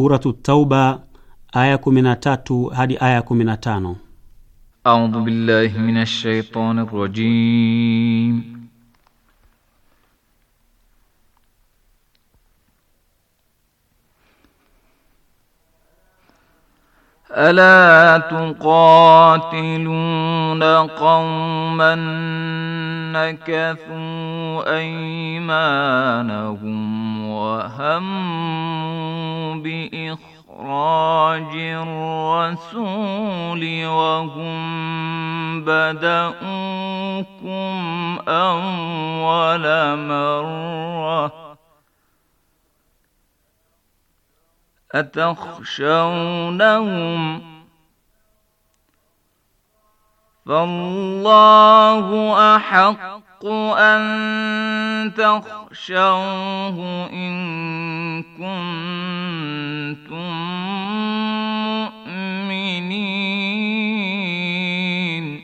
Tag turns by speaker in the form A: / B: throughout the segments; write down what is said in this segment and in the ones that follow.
A: Suratu Tauba aya 13 hadi aya 15.
B: A'udhu billahi minash shaitani rajim. ألا qauman قوما aymanahum wa وهم بإخراج الرسول وهم بدأوكم أول مرة أتخشونهم فالله أحق أن تخشونهم فاخشوه إن كنتم مؤمنين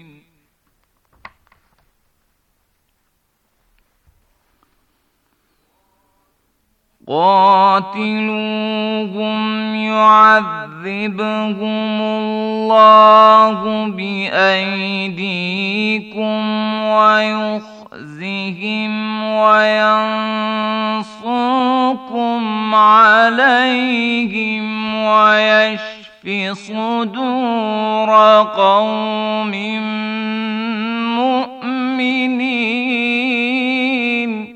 B: قاتلوهم يعذبهم الله بأيديكم ويخ بأسهم وينصركم عليهم وَيَشْفِ صدور قوم مؤمنين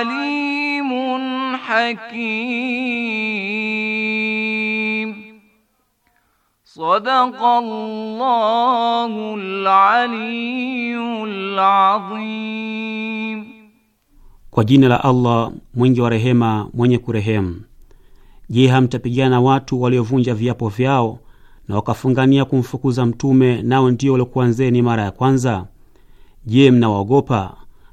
B: alimun hakim. Sadaqallahul aliyul
A: azim. Kwa jina la Allah mwingi wa rehema mwenye kurehemu. Je, hamtapigana watu waliovunja viapo vyao na wakafungania kumfukuza Mtume, nao ndio waliokuanzeni mara ya kwanza? Je, mnawaogopa?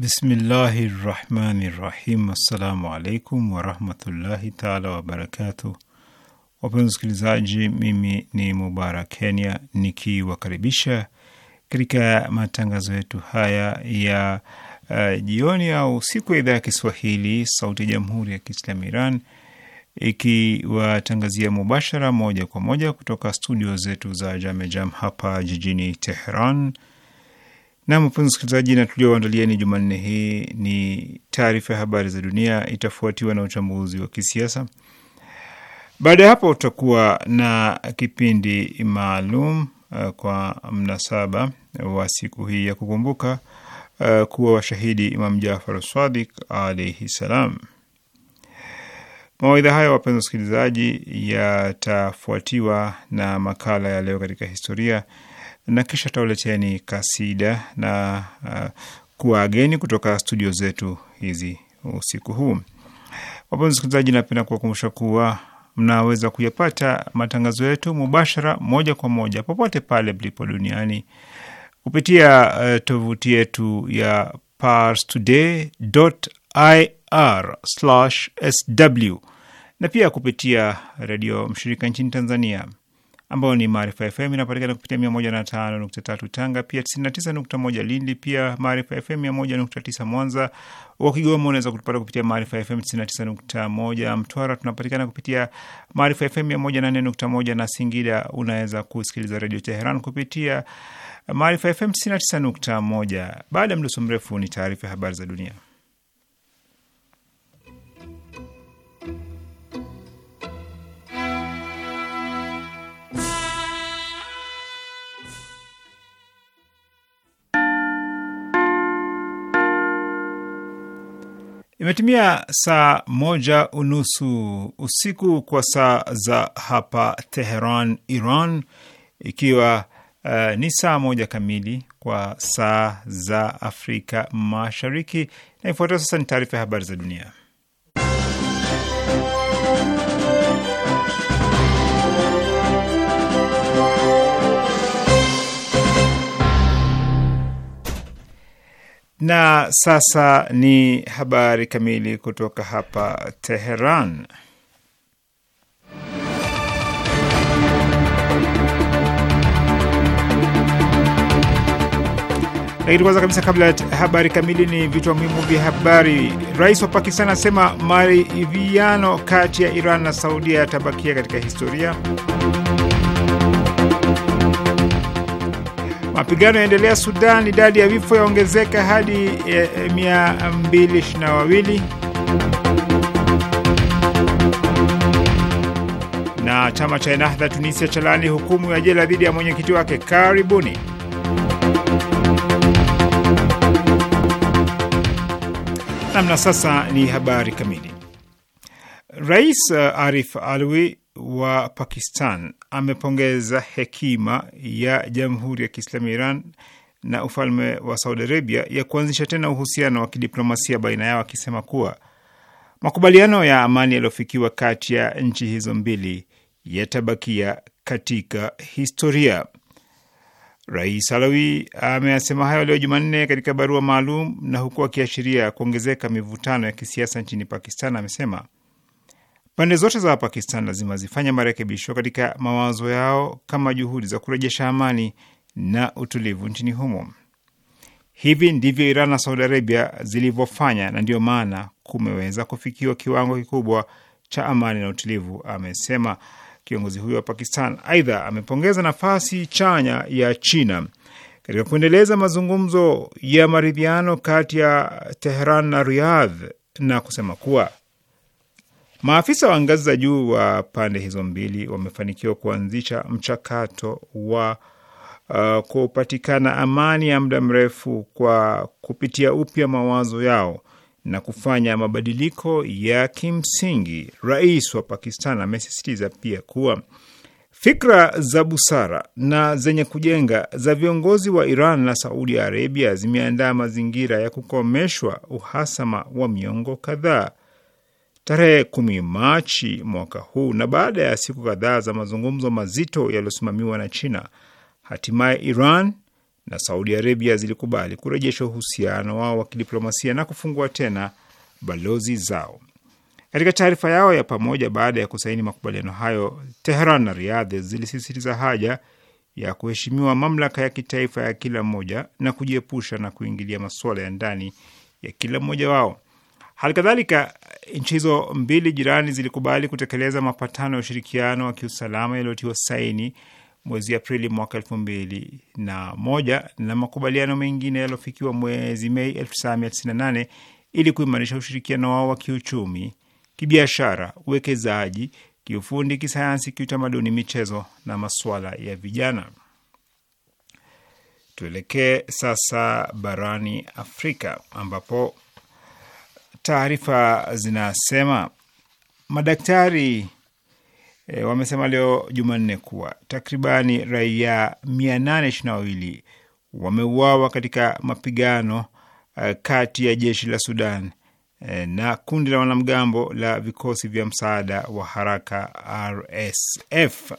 C: Bismillahi rahmani rahim. Assalamu alaikum warahmatullahi taala wabarakatuh. Wapenzi wasikilizaji, mimi ni Mubarak Kenya nikiwakaribisha katika matangazo yetu haya ya uh, jioni au siku ya idhaa ya Kiswahili sauti ya jamhuri ya Kiislamu Iran ikiwatangazia mubashara moja kwa moja kutoka studio zetu za Jamejam hapa jijini Teheran na mpenzi msikilizaji, na ni Jumanne hii ni taarifa ya habari za dunia, itafuatiwa na uchambuzi wa kisiasa. Baada ya hapo, tutakuwa na kipindi maalum uh, kwa mnasaba wa siku hii ya kukumbuka uh, kuwa washahidi Imam Jafar Sadiq alaihi salam. Mawaidha hayo, wapenzi wasikilizaji, yatafuatiwa na makala ya leo katika historia na kisha tauleteni kasida na uh, kuwaageni kutoka studio zetu hizi usiku huu. Wapenzi wasikilizaji, napenda kuwakumbusha kuwa mnaweza kuyapata matangazo yetu mubashara, moja kwa moja, popote pale mlipo duniani kupitia uh, tovuti yetu ya parstoday.ir/sw na pia kupitia redio mshirika nchini Tanzania ambayo ni Maarifa FM inapatikana kupitia 105.3 Tanga, pia 99.1 Lindi, pia Maarifa FM 101.9 Mwanza. Wa Kigoma unaweza kutupata kupitia Maarifa FM 99.1. Mtwara tunapatikana kupitia Maarifa FM 108.1, na Singida unaweza kusikiliza Redio Teheran kupitia Maarifa FM 99.1. Baada ya mdoso mrefu ni taarifa ya habari za dunia. Imetimia saa moja unusu usiku kwa saa za hapa Teheran, Iran, ikiwa uh, ni saa moja kamili kwa saa za Afrika Mashariki. Na ifuatayo sasa ni taarifa ya habari za dunia. Na sasa ni habari kamili kutoka hapa Teheran. Lakini kwanza kabisa, kabla ya habari kamili, ni vichwa muhimu vya habari. Rais wa Pakistan asema maridhiano kati ya Iran na Saudia yatabakia katika historia. Mapigano yaendelea Sudan, idadi ya vifo yaongezeka hadi 222 eh, eh, na chama cha Ennahda Tunisia chalani hukumu ya jela dhidi ya mwenyekiti wake. Karibuni. Namna sasa ni habari kamili. Rais eh, Arif Alwi wa Pakistan amepongeza hekima ya Jamhuri ya Kiislamu ya Iran na ufalme wa Saudi Arabia ya kuanzisha tena uhusiano wa kidiplomasia baina yao, akisema kuwa makubaliano ya amani yaliyofikiwa kati ya nchi hizo mbili yatabakia katika historia. Rais Alawi ameyasema hayo leo Jumanne katika barua maalum, na huku akiashiria kuongezeka mivutano ya kisiasa nchini Pakistan, amesema Pande zote za Pakistan lazima zifanya marekebisho katika mawazo yao kama juhudi za kurejesha amani na utulivu nchini humo. Hivi ndivyo Iran na Saudi Arabia zilivyofanya na ndiyo maana kumeweza kufikiwa kiwango kikubwa cha amani na utulivu, amesema kiongozi huyo wa Pakistan. Aidha, amepongeza nafasi chanya ya China katika kuendeleza mazungumzo ya maridhiano kati ya Tehran na Riyadh na kusema kuwa Maafisa wa ngazi za juu wa pande hizo mbili wamefanikiwa kuanzisha mchakato wa uh, kupatikana amani ya muda mrefu kwa kupitia upya mawazo yao na kufanya mabadiliko ya kimsingi. Rais wa Pakistan amesisitiza pia kuwa fikra za busara na zenye kujenga za viongozi wa Iran na Saudi Arabia zimeandaa mazingira ya kukomeshwa uhasama wa miongo kadhaa tarehe kumi Machi mwaka huu, na baada ya siku kadhaa za mazungumzo mazito yaliyosimamiwa na China, hatimaye Iran na Saudi Arabia zilikubali kurejesha uhusiano wao wa kidiplomasia na kufungua tena balozi zao. Katika taarifa yao ya pamoja baada ya kusaini makubaliano hayo, Teheran na riadhi zilisisitiza haja ya kuheshimiwa mamlaka ya kitaifa ya kila mmoja na kujiepusha na kuingilia masuala ya ndani ya kila mmoja wao. Hali kadhalika nchi hizo mbili jirani zilikubali kutekeleza mapatano ya ushirikiano wa kiusalama yaliyotiwa saini mwezi Aprili mwaka elfu mbili na moja na makubaliano mengine yaliyofikiwa mwezi Mei 1998 ili kuimarisha ushirikiano wao wa kiuchumi, kibiashara, uwekezaji, kiufundi, kisayansi, kiutamaduni, michezo na masuala ya vijana. Tuelekee sasa barani Afrika ambapo taarifa zinasema madaktari e, wamesema leo Jumanne kuwa takribani raia 822 wameuawa katika mapigano e, kati ya jeshi la Sudan e, na kundi la wanamgambo la vikosi vya msaada wa haraka RSF.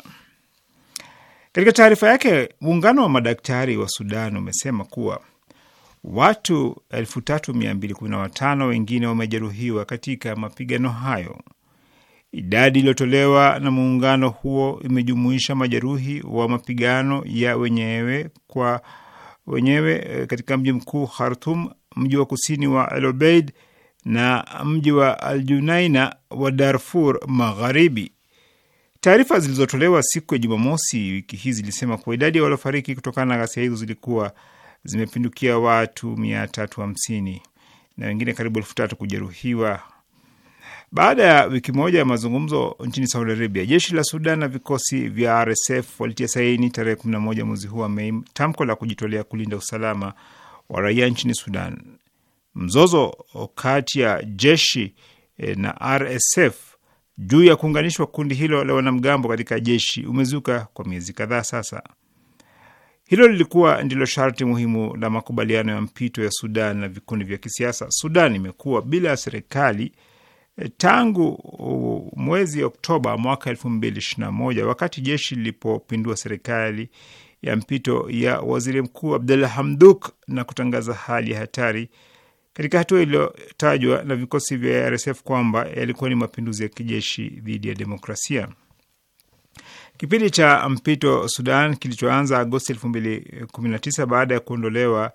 C: Katika taarifa yake, muungano wa madaktari wa Sudan umesema kuwa watu 3215 wengine wamejeruhiwa katika mapigano hayo. Idadi iliyotolewa na muungano huo imejumuisha majeruhi wa mapigano ya wenyewe kwa wenyewe eh, katika mji mkuu Khartum, mji wa kusini wa El Obeid na mji wa Al Junaina wa Darfur Magharibi. Taarifa zilizotolewa siku ya Jumamosi wiki hii zilisema kuwa idadi ya waliofariki kutokana na ghasia hizo zilikuwa zimepindukia watu mia tatu hamsini na wengine karibu elfu tatu kujeruhiwa. Baada ya wiki moja ya mazungumzo nchini Saudi Arabia, jeshi la Sudan na vikosi vya RSF walitia saini tarehe 11 mwezi huu wa Mei tamko la kujitolea kulinda usalama wa raia nchini Sudan. Mzozo kati ya jeshi e, na RSF juu ya kuunganishwa kundi hilo la wanamgambo katika jeshi umezuka kwa miezi kadhaa sasa. Hilo lilikuwa ndilo sharti muhimu la makubaliano ya mpito ya Sudan na vikundi vya kisiasa. Sudan imekuwa bila serikali eh, tangu uh, mwezi Oktoba mwaka elfu mbili ishirini na moja wakati jeshi lilipopindua serikali ya mpito ya waziri mkuu Abdalla Hamduk na kutangaza hali ya hatari katika hatua iliyotajwa na vikosi vya RSF kwamba yalikuwa ni mapinduzi ya kijeshi dhidi ya demokrasia. Kipindi cha mpito Sudan kilichoanza Agosti 219 baada ya kuondolewa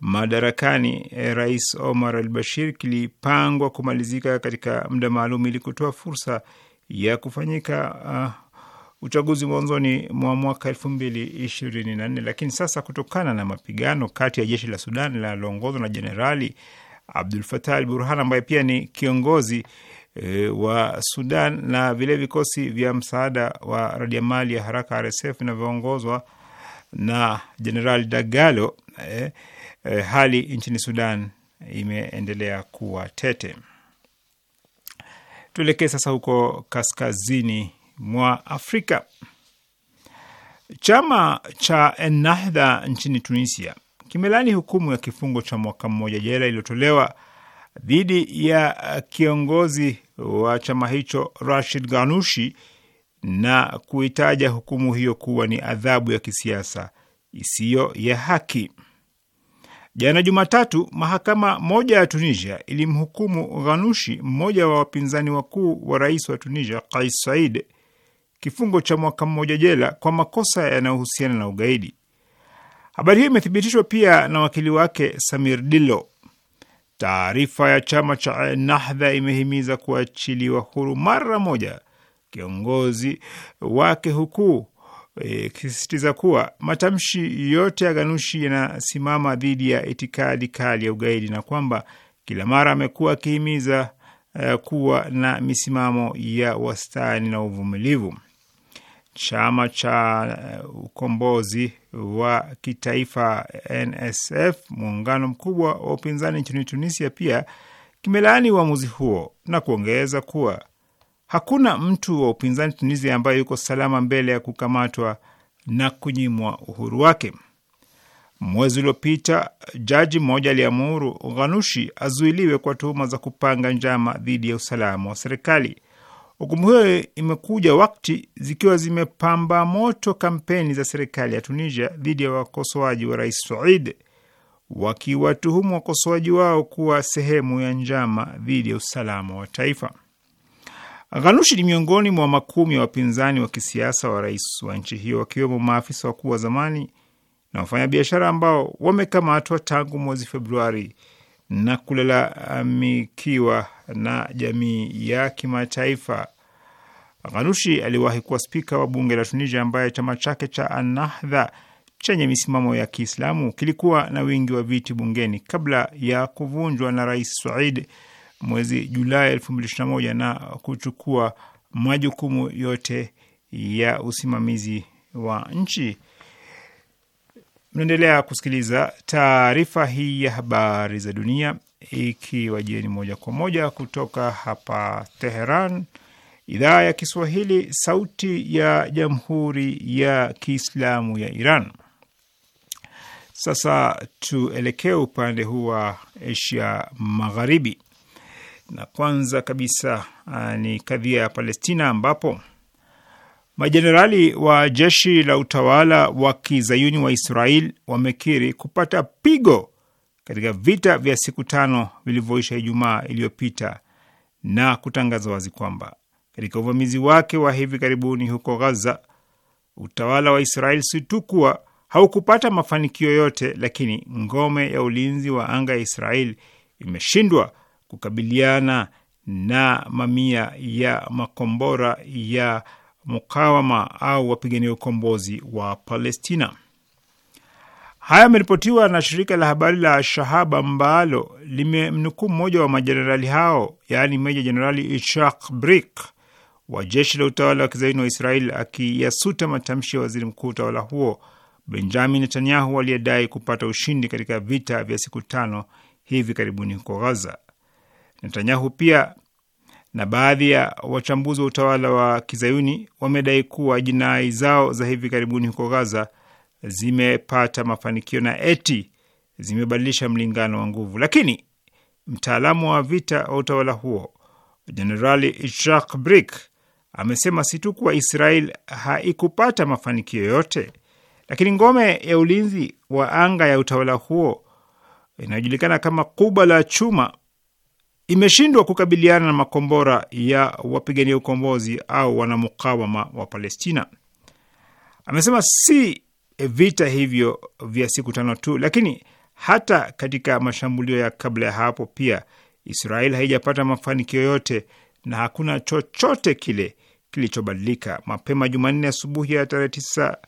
C: madarakani eh, Rais Omar al Bashir kilipangwa kumalizika katika muda maalum ili kutoa fursa ya kufanyika uh, uchaguzi mwanzoni mwa mwaka 224 lakini sasa kutokana na mapigano kati ya jeshi la Sudan linaloongozwa na Jenerali Abdul Fatah al Burhan ambaye pia ni kiongozi e, wa Sudan na vile vikosi vya msaada wa radiamali ya haraka RSF vinavyoongozwa na Jeneral Dagalo e, e, hali nchini Sudan imeendelea kuwa tete. Tuelekee sasa huko kaskazini mwa Afrika. Chama cha Ennahda nchini Tunisia kimelani hukumu ya kifungo cha mwaka mmoja jela iliyotolewa dhidi ya uh, kiongozi wa chama hicho Rashid Ganushi na kuitaja hukumu hiyo kuwa ni adhabu ya kisiasa isiyo ya haki. Jana Jumatatu, mahakama moja ya Tunisia ilimhukumu Ghanushi, mmoja wa wapinzani wakuu wa rais wa Tunisia Kais said kifungo cha mwaka mmoja jela kwa makosa yanayohusiana na ugaidi. Habari hiyo imethibitishwa pia na wakili wake Samir Dillo. Taarifa ya chama cha Nahdha imehimiza kuachiliwa huru mara moja kiongozi wake huku ikisisitiza e, kuwa matamshi yote ya Ganushi yanasimama dhidi ya itikadi kali ya ugaidi na kwamba kila mara amekuwa akihimiza e, kuwa na misimamo ya wastani na uvumilivu. Chama cha e, ukombozi wa kitaifa NSF, muungano mkubwa wa upinzani nchini Tunisia, pia kimelaani uamuzi huo na kuongeza kuwa hakuna mtu wa upinzani Tunisia ambaye yuko salama mbele ya kukamatwa na kunyimwa uhuru wake. Mwezi uliopita jaji mmoja aliamuru Ghanushi azuiliwe kwa tuhuma za kupanga njama dhidi ya usalama wa serikali. Hukumu hiyo imekuja wakati zikiwa zimepamba moto kampeni za serikali ya Tunisia dhidi ya wakosoaji wa rais Said, wakiwatuhumu wakosoaji wao kuwa sehemu ya njama dhidi ya usalama wa taifa. Ghanushi ni miongoni mwa makumi ya wapinzani wa kisiasa wa rais wa nchi hiyo, wakiwemo maafisa wakuu wa zamani na wafanyabiashara ambao wamekamatwa tangu mwezi Februari na kulalamikiwa na jamii ya kimataifa. Ghanushi aliwahi kuwa spika wa bunge la Tunisia, ambaye chama chake cha Anahdha chenye misimamo ya Kiislamu kilikuwa na wingi wa viti bungeni kabla ya kuvunjwa na Rais Said mwezi Julai 2021 na kuchukua majukumu yote ya usimamizi wa nchi. Mnaendelea kusikiliza taarifa hii ya habari za dunia ikiwajieni moja kwa moja kutoka hapa Teheran, idhaa ya Kiswahili, sauti ya jamhuri ya kiislamu ya Iran. Sasa tuelekee upande huu wa Asia Magharibi, na kwanza kabisa ah, ni kadhia ya Palestina ambapo Majenerali wa jeshi la utawala wa kizayuni wa Israel wamekiri kupata pigo katika vita vya siku tano vilivyoisha Ijumaa iliyopita na kutangaza wazi kwamba katika uvamizi wake wa hivi karibuni huko Gaza, utawala wa Israel si tu kuwa haukupata mafanikio yote, lakini ngome ya ulinzi wa anga ya Israel imeshindwa kukabiliana na mamia ya makombora ya mukawama au wapigania ukombozi wa Palestina. Haya ameripotiwa na shirika la habari la Shahaba ambalo limemnukuu mmoja wa majenerali hao, yaani meja jenerali Ishak Brik wa jeshi la utawala wa kizaini wa Israeli akiyasuta matamshi ya waziri mkuu utawala huo Benjamin Netanyahu aliyedai kupata ushindi katika vita vya siku tano hivi karibuni huko Gaza. Netanyahu pia na baadhi ya wachambuzi wa utawala wa kizayuni wamedai kuwa jinai zao za hivi karibuni huko Gaza zimepata mafanikio na eti zimebadilisha mlingano wa nguvu. Lakini mtaalamu wa vita wa utawala huo Jenerali Jacques Brik amesema si tu kuwa Israel haikupata mafanikio yote, lakini ngome ya ulinzi wa anga ya utawala huo inayojulikana kama Kuba la Chuma imeshindwa kukabiliana na makombora ya wapigania ukombozi au wanamukawama wa Palestina. Amesema si vita hivyo vya siku tano tu, lakini hata katika mashambulio ya kabla ya hapo pia Israel haijapata mafanikio yote na hakuna chochote kile kilichobadilika. Mapema Jumanne asubuhi ya tarehe tisa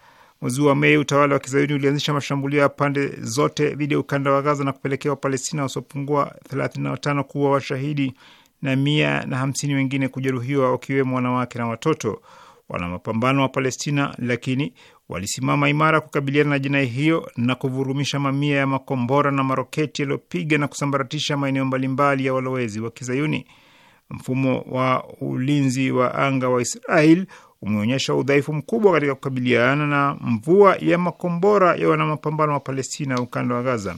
C: Mwezi wa Mei utawala wa kizayuni ulianzisha mashambulio ya pande zote dhidi ya ukanda wa Gaza na kupelekea Wapalestina wasiopungua 35 kuwa washahidi na mia na hamsini wengine kujeruhiwa wakiwemo wanawake na watoto. Wana mapambano wa Palestina lakini walisimama imara kukabiliana na jinai hiyo na kuvurumisha mamia ya makombora na maroketi yaliyopiga na kusambaratisha maeneo mbalimbali ya walowezi wa kizayuni. Mfumo wa ulinzi wa anga wa Israel umeonyesha udhaifu mkubwa katika kukabiliana na mvua ya makombora ya wanamapambano wa Palestina ukanda wa Gaza.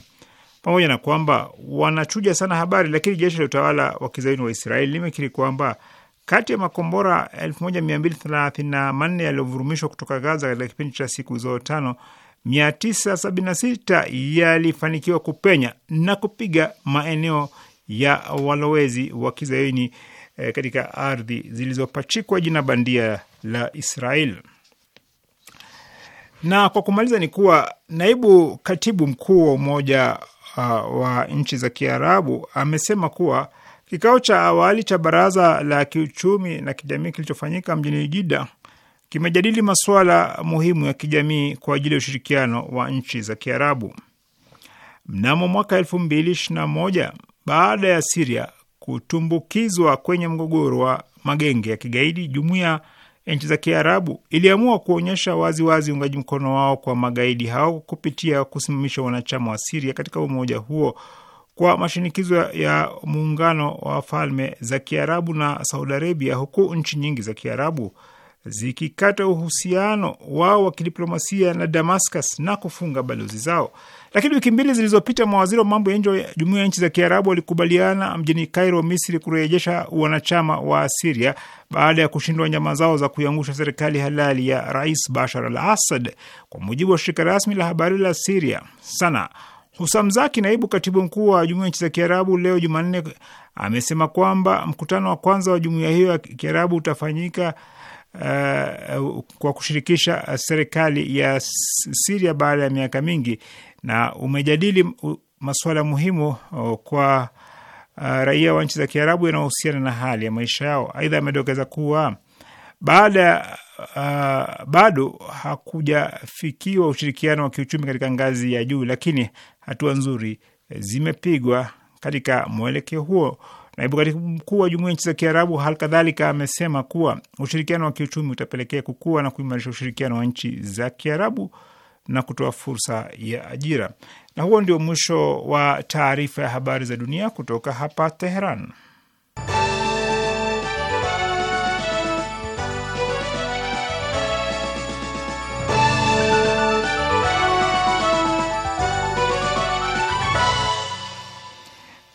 C: Pamoja na kwamba wanachuja sana habari, lakini jeshi la utawala wa kizaini wa Israeli limekiri kwamba kati ya makombora 1234 yaliyovurumishwa kutoka Gaza katika kipindi cha siku hizo tano, 976 yalifanikiwa kupenya na kupiga maeneo ya walowezi wa kizaini eh, katika ardhi zilizopachikwa jina bandia la Israel. Na kwa kumaliza ni kuwa naibu katibu mkuu wa Umoja uh, wa nchi za Kiarabu amesema kuwa kikao cha awali cha Baraza la Kiuchumi na Kijamii kilichofanyika mjini Jida kimejadili masuala muhimu ya kijamii kwa ajili ya ushirikiano wa nchi za Kiarabu. Mnamo mwaka elfu mbili ishirini na moja baada ya Siria kutumbukizwa kwenye mgogoro wa magenge ya kigaidi, jumuiya nchi za Kiarabu iliamua kuonyesha waziwazi wazi uungaji mkono wao kwa magaidi hao kupitia kusimamisha wanachama wa Siria katika umoja huo kwa mashinikizo ya muungano wa falme za Kiarabu na Saudi Arabia, huku nchi nyingi za Kiarabu zikikata uhusiano wao wa kidiplomasia na Damascus na kufunga balozi zao. Lakini wiki mbili zilizopita mawaziri wa mambo ya nje wa jumuiya ya nchi za Kiarabu walikubaliana mjini Kairo, Misri, kurejesha wanachama wa Siria baada ya kushindwa njama zao za kuiangusha serikali halali ya Rais Bashar al Assad, kwa mujibu wa shirika rasmi la habari la Siria Sana. Husam Zaki, naibu katibu mkuu wa jumuiya ya nchi za Kiarabu, leo Jumanne amesema kwamba mkutano wa kwanza wa jumuiya hiyo ya Kiarabu utafanyika Uh, kwa kushirikisha serikali ya Siria baada ya miaka mingi na umejadili masuala muhimu kwa uh, raia wa nchi za Kiarabu yanayohusiana na hali ya maisha yao. Aidha, amedokeza kuwa baada uh, bado hakujafikiwa ushirikiano wa kiuchumi katika ngazi ya juu, lakini hatua nzuri e, zimepigwa katika mwelekeo huo. Naibu katibu mkuu wa jumuiya nchi za Kiarabu hali kadhalika amesema kuwa ushirikiano wa kiuchumi utapelekea kukua na kuimarisha ushirikiano wa nchi za Kiarabu na kutoa fursa ya ajira. Na huo ndio mwisho wa taarifa ya habari za dunia kutoka hapa Teheran.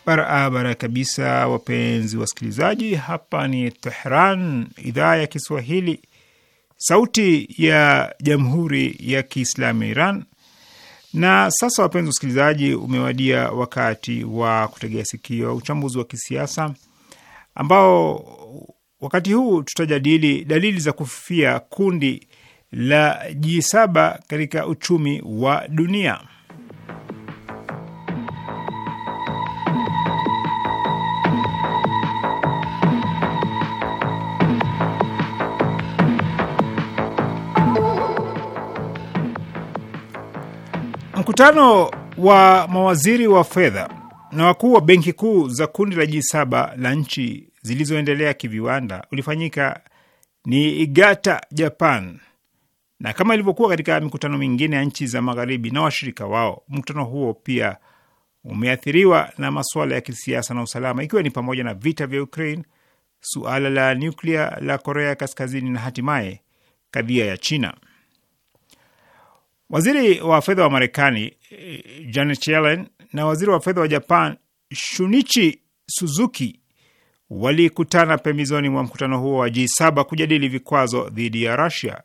C: Barabara kabisa, wapenzi wasikilizaji, hapa ni Tehran, idhaa ya Kiswahili, sauti ya jamhuri ya kiislamu ya Iran. Na sasa, wapenzi wasikilizaji, umewadia wakati wa kutegea sikio uchambuzi wa kisiasa ambao wakati huu tutajadili dalili za kufifia kundi la G7 katika uchumi wa dunia. Mkutano wa mawaziri wa fedha na wakuu wa benki kuu za kundi la G7 la nchi zilizoendelea kiviwanda ulifanyika ni Igata, Japan, na kama ilivyokuwa katika mikutano mingine ya nchi za magharibi na washirika wao, mkutano huo pia umeathiriwa na masuala ya kisiasa na usalama, ikiwa ni pamoja na vita vya Ukraine, suala la nyuklia la Korea Kaskazini na hatimaye kadhia ya China. Waziri wa fedha wa Marekani Janet Yellen na waziri wa fedha wa Japan Shunichi Suzuki walikutana pembezoni mwa mkutano huo wa G7 kujadili vikwazo dhidi ya Rusia.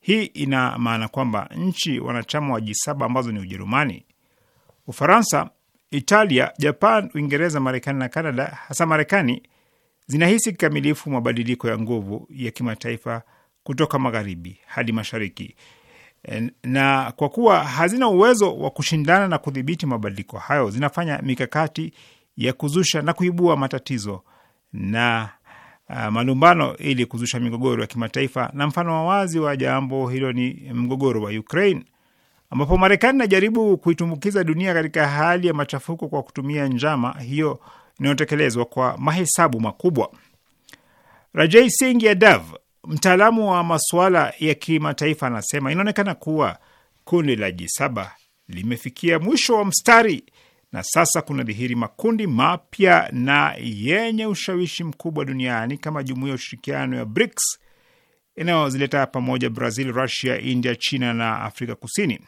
C: Hii ina maana kwamba nchi wanachama wa G7 ambazo ni Ujerumani, Ufaransa, Italia, Japan, Uingereza, Marekani na Kanada, hasa Marekani, zinahisi kikamilifu mabadiliko ya nguvu ya kimataifa kutoka magharibi hadi mashariki. E, na kwa kuwa hazina uwezo wa kushindana na kudhibiti mabadiliko hayo, zinafanya mikakati ya kuzusha na kuibua matatizo na uh, malumbano ili kuzusha migogoro ya kimataifa, na mfano wa wazi wa jambo hilo ni mgogoro wa Ukraine ambapo Marekani inajaribu kuitumbukiza dunia katika hali ya machafuko kwa kutumia njama hiyo inayotekelezwa kwa mahesabu makubwa. Rajai Singh Yadav, mtaalamu wa masuala ya kimataifa anasema inaonekana kuwa kundi la G7 limefikia mwisho wa mstari na sasa kuna dhihiri makundi mapya na yenye ushawishi mkubwa duniani kama jumuiya ya ushirikiano ya BRICS inayozileta pamoja Brazil, Russia, India, China na Afrika Kusini.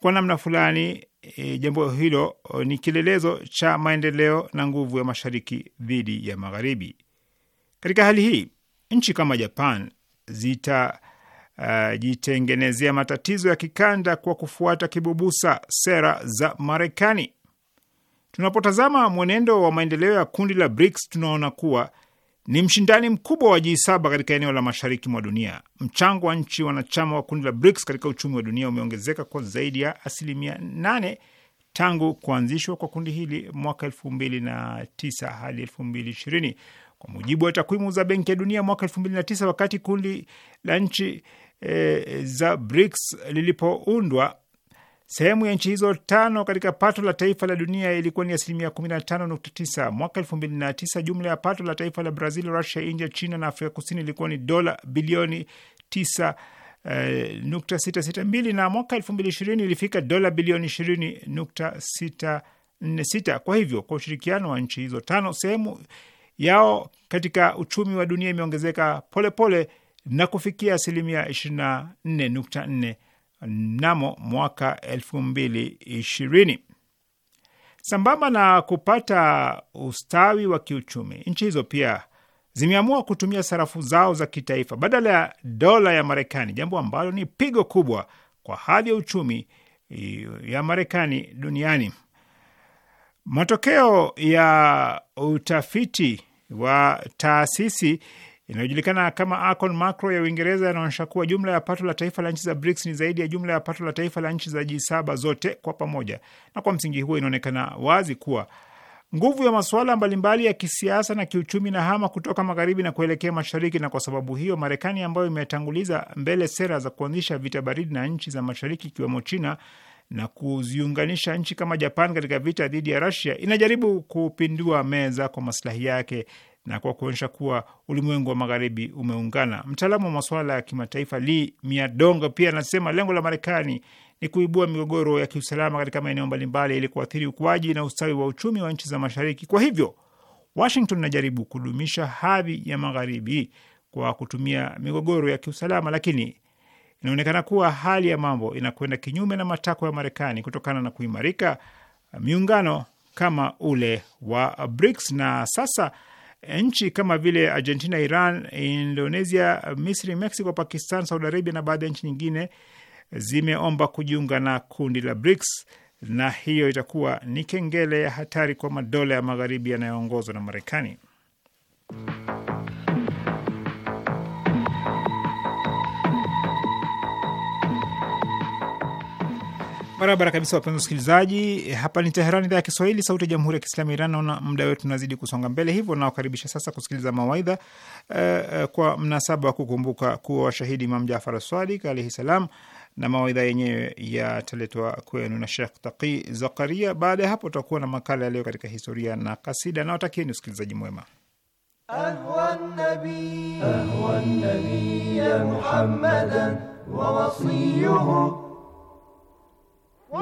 C: Kwa namna fulani e, jambo hilo ni kielelezo cha maendeleo na nguvu ya mashariki dhidi ya magharibi. Katika hali hii nchi kama Japan zitajitengenezea uh, matatizo ya kikanda kwa kufuata kibubusa sera za Marekani. Tunapotazama mwenendo wa maendeleo ya kundi la BRICS, tunaona kuwa ni mshindani mkubwa wa G7 katika eneo la mashariki mwa dunia. Mchango wa nchi wanachama wa kundi la BRICS katika uchumi wa dunia umeongezeka kwa zaidi ya asilimia nane tangu kuanzishwa kwa kundi hili mwaka elfu mbili na tisa hadi elfu mbili ishirini. Kwa mujibu wa takwimu za Benki ya Dunia mwaka 2009 wakati kundi la nchi e, za BRICS lilipoundwa sehemu ya nchi hizo tano katika pato la taifa la dunia ilikuwa ni asilimia 15.9. Mwaka 2009 jumla ya pato la taifa la Brazil, Russia, India, China na Afrika Kusini ilikuwa ni dola bilioni 9.662 eh, na mwaka 2020 ilifika dola bilioni 20.646. Kwa hivyo, kwa ushirikiano wa nchi hizo tano sehemu yao katika uchumi wa dunia imeongezeka polepole na kufikia asilimia 24.4 mnamo mwaka 2020. Sambamba na kupata ustawi wa kiuchumi, nchi hizo pia zimeamua kutumia sarafu zao za kitaifa badala ya dola ya Marekani, jambo ambalo ni pigo kubwa kwa hali ya uchumi ya Marekani duniani. Matokeo ya utafiti wa taasisi inayojulikana kama Acon Macro ya Uingereza yanaonyesha kuwa jumla ya pato la taifa la nchi za BRICS ni zaidi ya jumla ya pato la taifa la nchi za G7 zote kwa pamoja, na kwa msingi huo inaonekana wazi kuwa nguvu ya masuala mbalimbali ya kisiasa na kiuchumi na hama kutoka magharibi na kuelekea mashariki. Na kwa sababu hiyo, Marekani ambayo imetanguliza mbele sera za kuanzisha vita baridi na nchi za mashariki ikiwemo China na kuziunganisha nchi kama Japan katika vita dhidi ya rasia inajaribu kupindua meza kwa masilahi yake na kwa kuonyesha kuwa ulimwengu wa magharibi umeungana. Mtaalamu wa masuala ya kimataifa Lee Miadong pia anasema lengo la Marekani ni kuibua migogoro ya kiusalama katika maeneo mbalimbali ili kuathiri ukuaji na ustawi wa uchumi wa nchi za Mashariki. Kwa hivyo, Washington inajaribu kudumisha hadhi ya magharibi kwa kutumia migogoro ya kiusalama, lakini inaonekana kuwa hali ya mambo inakwenda kinyume na matakwa ya Marekani kutokana na kuimarika miungano kama ule wa BRICS na sasa eh, nchi kama vile Argentina, Iran, Indonesia, Misri, Mexico, Pakistan, Saudi Arabia na baadhi ya nchi nyingine zimeomba kujiunga na kundi la BRICS, na hiyo itakuwa ni kengele ya hatari kwa madola ya magharibi yanayoongozwa na Marekani. Barabara kabisa, wapenzi wasikilizaji, hapa ni Teherani, idhaa ya Kiswahili, sauti ya jamhuri ya kiislamu ya Iran. Naona muda wetu unazidi kusonga mbele, hivyo nawakaribisha sasa kusikiliza mawaidha uh, kwa mnasaba wa kukumbuka kuwa washahidi Imam Jafar Swadik alaihi salam, na mawaidha yenyewe yataletwa kwenu na Shekh Taqi Zakaria. Baada ya hapo, utakuwa na makala yaliyo katika historia na kasida, na watakieni usikilizaji mwema.
D: Ahwa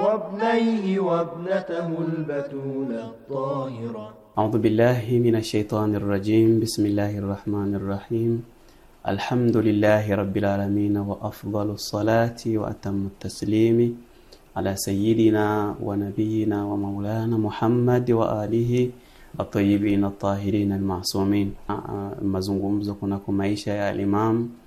E: وابنيه وابنته البتول الطاهرة
A: أعوذ بالله من الشيطان الرجيم بسم الله الرحمن الرحيم الحمد لله رب العالمين وأفضل الصلاة وأتم التسليم على سيدنا ونبينا ومولانا محمد وآله الطيبين الطاهرين المعصومين mazungumzo kuna عيشة يا الإمام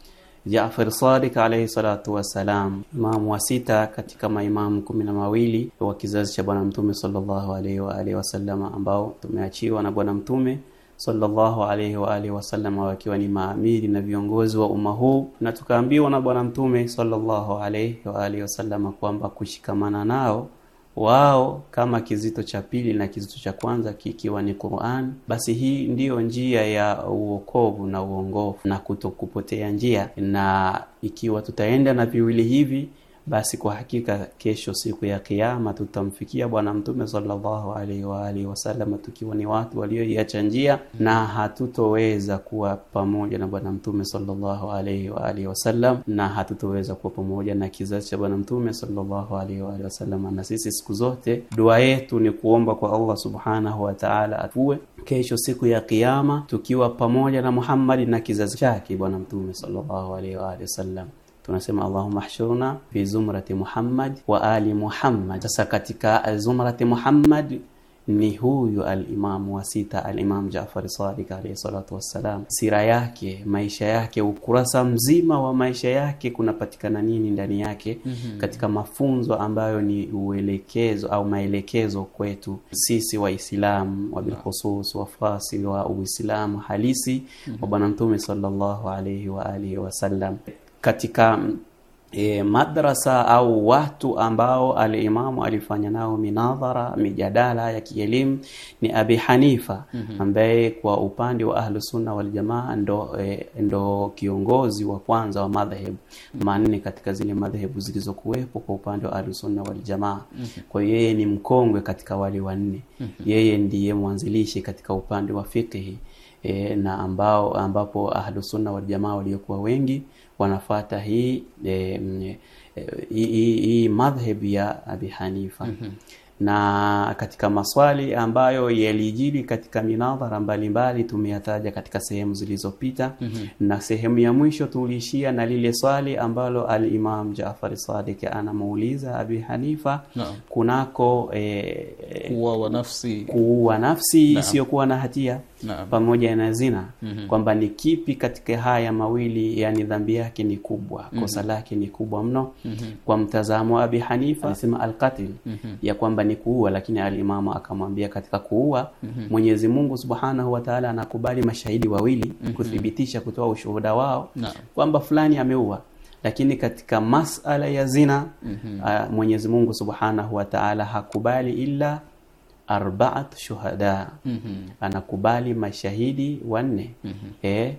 A: Jaafar Sadiq alayhi salatu wassalam, imamu wa sita katika maimamu kumi na mawili wa kizazi cha Bwana Mtume sallallahu alayhi wa alihi wasallam, ambao tumeachiwa na Bwana Mtume sallallahu alayhi wa alihi wasallam wakiwa ni maamiri na viongozi wa umma huu, na tukaambiwa na Bwana Mtume sallallahu alayhi wa alihi wasallam kwamba kushikamana nao wao kama kizito cha pili na kizito cha kwanza kikiwa ni Qur'an, basi hii ndiyo njia ya uokovu na uongofu na kutokupotea njia, na ikiwa tutaenda na viwili hivi basi kwa hakika kesho siku ya kiyama tutamfikia bwana mtume sallallahu alaihi wa alihi wasallam tukiwa ni watu walioiacha njia na hatutoweza kuwa pamoja na bwana mtume sallallahu alaihi wa alihi wasallam na hatutoweza kuwa pamoja na kizazi cha bwana mtume sallallahu alaihi wa alihi wasallam na sisi siku zote dua yetu ni kuomba kwa Allah subhanahu wa ta'ala atue kesho siku ya kiyama tukiwa pamoja na Muhammad na kizazi chake bwana mtume sallallahu alaihi wa alihi wasallam tunasema allahuma hshurna fi zumrati Muhammad wa ali Muhammad. Sasa katika zumrati Muhammad ni huyu alimamu wa sita, alimamu Jafari Sadiq alayhi salatu wassalam. Sira yake, maisha yake, ukurasa mzima wa maisha yake kunapatikana nini ndani yake? mm -hmm. Katika mafunzo ambayo ni uelekezo au maelekezo kwetu sisi Waislamu wabilkhusus wafuasi wa Uislamu halisi mm -hmm. wa mhm. Bwana Mtume sallallahu alayhi wa alihi wasallam katika e, madrasa au watu ambao alimamu alifanya nao minadhara mijadala ya kielimu ni Abi Hanifa mm -hmm. ambaye kwa upande wa Ahlusunna Waljamaa ndo, e, ndo kiongozi wa kwanza wa madhehebu manne mm -hmm. katika zile madhehebu zilizokuwepo kwa upande wa Ahlusunna Waljamaa mm -hmm. kwa yeye ni mkongwe katika wale wanne mm -hmm. yeye ndiye mwanzilishi katika upande wa fiqhi e, na ambao ambapo Ahlusunna Waljamaa waliokuwa wengi wanafata hii eh, e, hii, hii madhhabi ya Abi Hanifa mm -hmm. na katika maswali ambayo yalijili katika minadhara mbalimbali tumeyataja katika sehemu zilizopita mm -hmm. na sehemu ya mwisho tuliishia na lile swali ambalo al-Imam Jaafar Sadiq anamuuliza Abi Hanifa no. kunako e, eh, kuua nafsi kuua nafsi isiyokuwa na hatia na pamoja na zina mm -hmm. kwamba ni kipi katika haya mawili yani dhambi yake ni kubwa mm -hmm. kosa lake ni kubwa mno mm -hmm. kwa mtazamo wa Abi Hanifa anasema alqatil mm -hmm. ya kwamba ni kuua, lakini alimamu akamwambia katika kuua mm -hmm. Mwenyezi Mungu Subhanahu wa Ta'ala anakubali mashahidi wawili mm -hmm. kuthibitisha, kutoa ushuhuda wao kwamba fulani ameua lakini katika masala ya zina mm -hmm. Mwenyezi Mungu Subhanahu wa Ta'ala hakubali ila arbaat shuhada mm -hmm. anakubali mashahidi wanne mm -hmm. eh,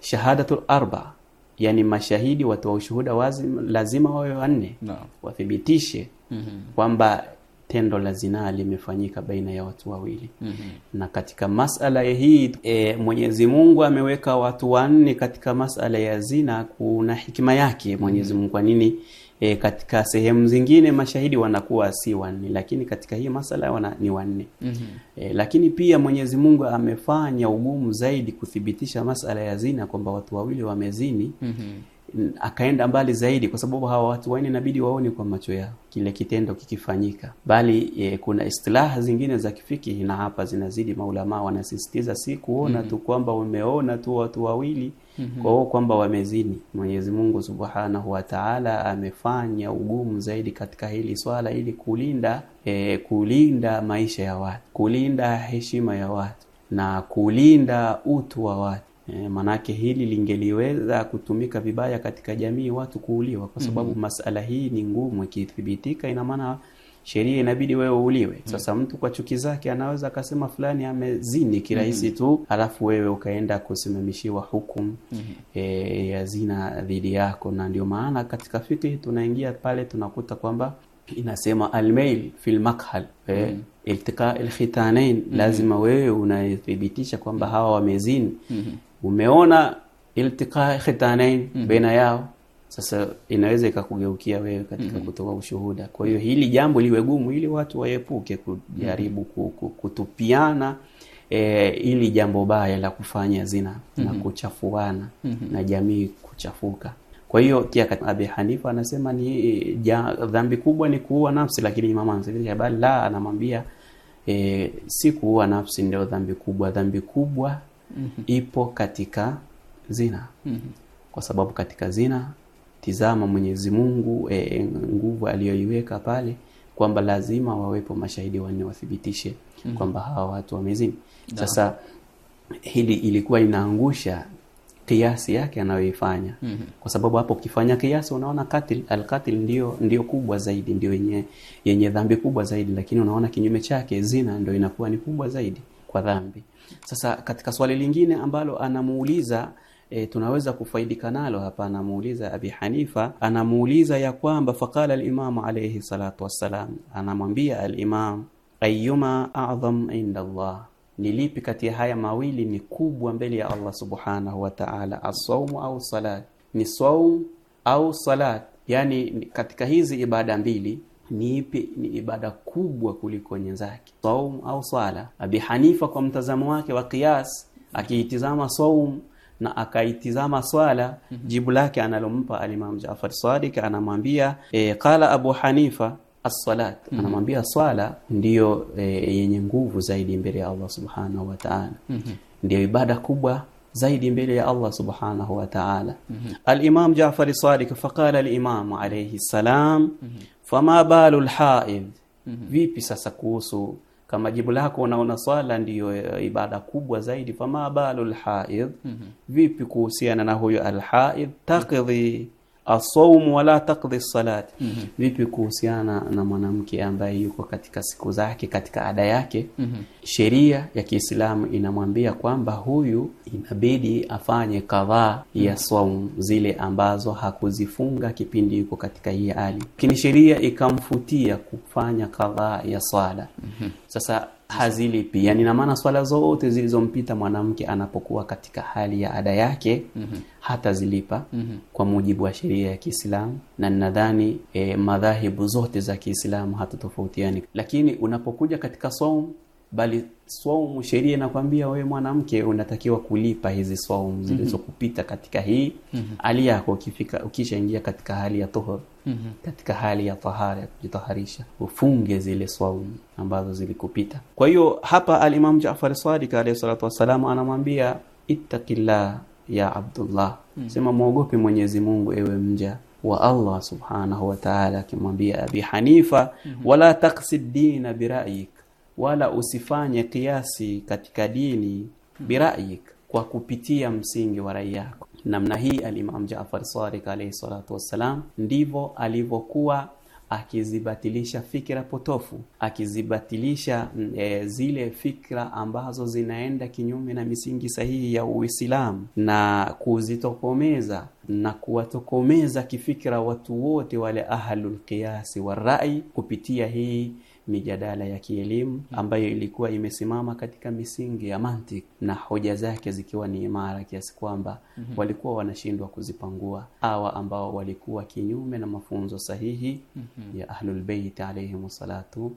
A: shahadatul arba yani mashahidi watu wa ushuhuda lazima wawe wanne no. wathibitishe mm -hmm. kwamba tendo la zinaa limefanyika baina ya watu wawili mm -hmm. na katika masala hii e, Mwenyezi Mungu ameweka watu wanne katika masala ya zina kuna hikima yake Mwenyezi mhm. Mungu kwa nini E, katika sehemu zingine mashahidi wanakuwa si wanne, lakini katika hii masala wana, ni wanne. mm -hmm. E, lakini pia Mwenyezi Mungu amefanya ugumu zaidi kuthibitisha masala ya zina kwamba watu wawili wamezini. mm -hmm. Akaenda mbali zaidi kwa sababu hawa watu wanne inabidi waone kwa macho yao kile kitendo kikifanyika, bali e, kuna istilaha zingine za kifikihi na hapa zinazidi, maulamaa wanasisitiza si kuona mm -hmm. tu kwamba umeona tu watu wawili hmm Kwa hiyo kwamba wamezini, Mwenyezi Mungu Subhanahu wa Ta'ala amefanya ugumu zaidi katika hili swala ili kulinda e, kulinda maisha ya watu, kulinda heshima ya watu na kulinda utu wa watu. E, manake hili lingeliweza kutumika vibaya katika jamii, watu kuuliwa, kwa sababu mm-hmm. masala hii ni ngumu, ikithibitika ina maana sheria inabidi wewe uliwe. Mm. Sasa mtu kwa chuki zake anaweza akasema fulani amezini kirahisi mm-hmm. tu, halafu wewe ukaenda kusimamishiwa hukumu mm-hmm. e, ya zina dhidi yako, na ndio maana katika fikhi tunaingia pale tunakuta kwamba inasema almail fil makhal e, mm-hmm. iltika lkhitanain, lazima wewe unathibitisha kwamba hawa wamezini umeona iltika khitanain baina yao sasa inaweza ikakugeukia wewe katika mm -hmm. kutoa ushuhuda. Kwa hiyo hili jambo liwe gumu ili watu waepuke kujaribu mhm. kutupiana e, ili jambo baya la kufanya zina mm -hmm. na mhm. kuchafuana mm -hmm. na jamii kuchafuka. Kwa hiyo kia Abi Hanifa anasema ni ja, dhambi kubwa ni kuua nafsi, lakini Imam Ansari la anamwambia e, si kuua nafsi ndio dhambi kubwa. Dhambi kubwa mm -hmm. ipo katika zina mm -hmm. kwa sababu katika zina tizama Mwenyezi Mungu e, nguvu aliyoiweka pale kwamba lazima wawepo mashahidi wanne wathibitishe mm -hmm. kwamba hawa watu wamezini. Sasa hili ilikuwa inaangusha kiasi yake anayoifanya mm -hmm. kwa sababu hapo ukifanya kiasi unaona katil alkatil ndio ndio kubwa zaidi ndio yenye yenye dhambi kubwa zaidi, lakini unaona kinyume chake zina ndio inakuwa ni kubwa zaidi kwa dhambi. Sasa katika swali lingine ambalo anamuuliza e, tunaweza kufaidika nalo hapa. Anamuuliza Abi Hanifa, anamuuliza ya kwamba faqala alimamu alayhi salatu wassalam, anamwambia alimam ayyuma a'dham inda Allah, ni lipi kati ya haya mawili ni kubwa mbele ya Allah subhanahu wa ta'ala, asaumu au salat? Ni saum au salat? Yani katika hizi ibada mbili ni ipi ni ibada kubwa kuliko nyenzake, saum au sala? Abi Hanifa kwa mtazamo wake wa qiyas, akiitizama saum na akaitizama swala mm -hmm. Jibu lake analompa Alimam Jafar Sadiq anamwambia e, qala Abu Hanifa as-salat mm -hmm. Anamwambia swala ndiyo e, yenye nguvu zaidi mbele ya Allah subhanahu wa ta'ala mm -hmm. Ndiyo ibada kubwa zaidi mbele ya Allah subhanahu wa ta'ala mm -hmm. Al-Imam Jafar Sadiq faqala al-Imam alayhi salam mm -hmm. fama balu al-haid mm -hmm. Vipi sasa kuhusu kama jibu lako unaona swala ndiyo eh, ibada kubwa zaidi, lhaidh mm -hmm. vipi kuhusiana na huyo alhaidh takdhi asaumu wala takdhi salati. mm -hmm. Vipi kuhusiana na mwanamke ambaye yuko katika siku zake katika ada yake? mm -hmm. Sheria ya Kiislamu inamwambia kwamba huyu inabidi afanye kadhaa ya mhm. saumu zile ambazo hakuzifunga kipindi yuko katika hii hali, lakini sheria ikamfutia kufanya kadhaa ya sala mm -hmm. Sasa hazilipi, yani na maana swala zote zilizompita mwanamke anapokuwa katika hali ya ada yake mm -hmm. hata zilipa mm -hmm. kwa mujibu wa sheria ya Kiislamu, na ninadhani e, madhahibu zote za Kiislamu hata tofautiani, lakini unapokuja katika somu bali swaumu sheria inakwambia wewe mwanamke unatakiwa kulipa hizi swaumu mm -hmm. zilizokupita katika hii mm -hmm. hali yako ukifika ukishaingia katika hali ya tohor mm -hmm. katika hali ya tahara ya kujitaharisha ufunge zile swaumu ambazo zilikupita kwa hiyo hapa alimam Jaafar Sadiq alayhi salatu wasalam anamwambia ittaqillah ya Abdullah mm -hmm. sema muogope Mwenyezi Mungu ewe mja wa Allah subhanahu wa ta'ala akimwambia Abi Hanifa mm -hmm. wala taqsid dina biraik wala usifanye kiasi katika dini bira'yik, kwa kupitia msingi wa rai yako. Namna hii Alimam Jafar Sadiq alayhi salatu wassalam ndivyo alivyokuwa akizibatilisha fikra potofu, akizibatilisha e, zile fikra ambazo zinaenda kinyume na misingi sahihi ya Uislamu na kuzitokomeza na kuwatokomeza kifikra watu wote wale ahlul qiyasi wa rai kupitia hii mijadala ya kielimu ambayo ilikuwa imesimama katika misingi ya mantik na hoja zake zikiwa ni imara kiasi kwamba mm -hmm. walikuwa wanashindwa kuzipangua awa ambao walikuwa kinyume na mafunzo sahihi mm -hmm. ya Ahlulbeiti alaihim salatu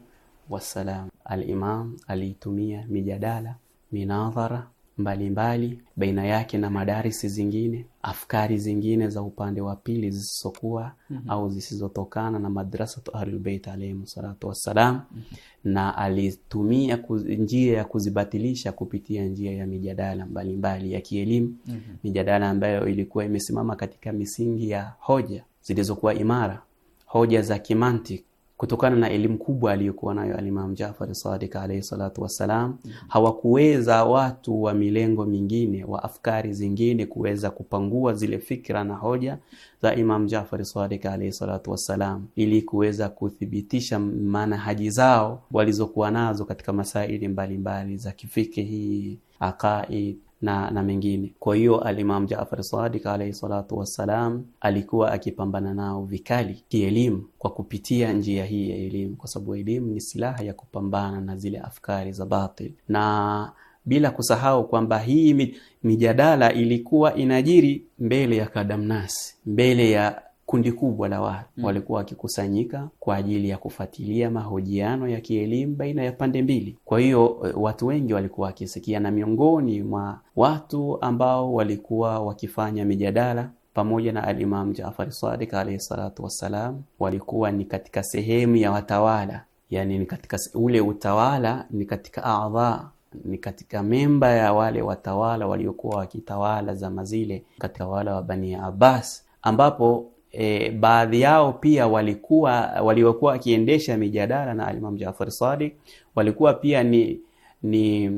A: wassalam. Alimam aliitumia mijadala, minadhara mbalimbali baina yake na madarisi zingine, afkari zingine za upande wa pili zisizokuwa mm -hmm. au zisizotokana na madrasatu Ahlulbeit alaihim salatu wassalam mm -hmm. na alitumia kuz, njia ya kuzibatilisha kupitia njia ya mijadala mbalimbali ya kielimu mm -hmm. mijadala ambayo ilikuwa imesimama katika misingi ya hoja zilizokuwa imara, hoja za kimantiki kutokana na elimu kubwa aliyokuwa nayo alimamu Jafar Sadiq alayhi salatu wassalam mm -hmm. hawakuweza watu wa milengo mingine wa afkari zingine kuweza kupangua zile fikra na hoja za Imam Jafar Sadiq alayhi salatu wassalam ili kuweza kuthibitisha manahaji zao walizokuwa nazo katika masaili mbalimbali mbali za kifikihi, aqaid na, na mengine. Kwa hiyo Alimam Jaafar Sadiq alayhi salatu wassalam alikuwa akipambana nao vikali kielimu kwa kupitia njia hii ya elimu, kwa sababu elimu ni silaha ya kupambana na zile afkari za batil, na bila kusahau kwamba hii mijadala ilikuwa inajiri mbele ya kadamnasi, mbele ya kundi kubwa la watu mm. walikuwa wakikusanyika kwa ajili ya kufuatilia mahojiano ya kielimu baina ya pande mbili. Kwa hiyo e, watu wengi walikuwa wakisikia, na miongoni mwa watu ambao walikuwa wakifanya mijadala pamoja na Alimam Jafari Sadik alaihi salatu wassalam walikuwa ni katika sehemu ya watawala, yani ni katika ule utawala, ni katika adha ni katika memba ya wale watawala waliokuwa wakitawala zama zile katika wala wa Bani Abbas, ambapo e, baadhi yao pia walikuwa waliokuwa wakiendesha mijadala na Imam Jaafar Sadiq walikuwa pia ni ni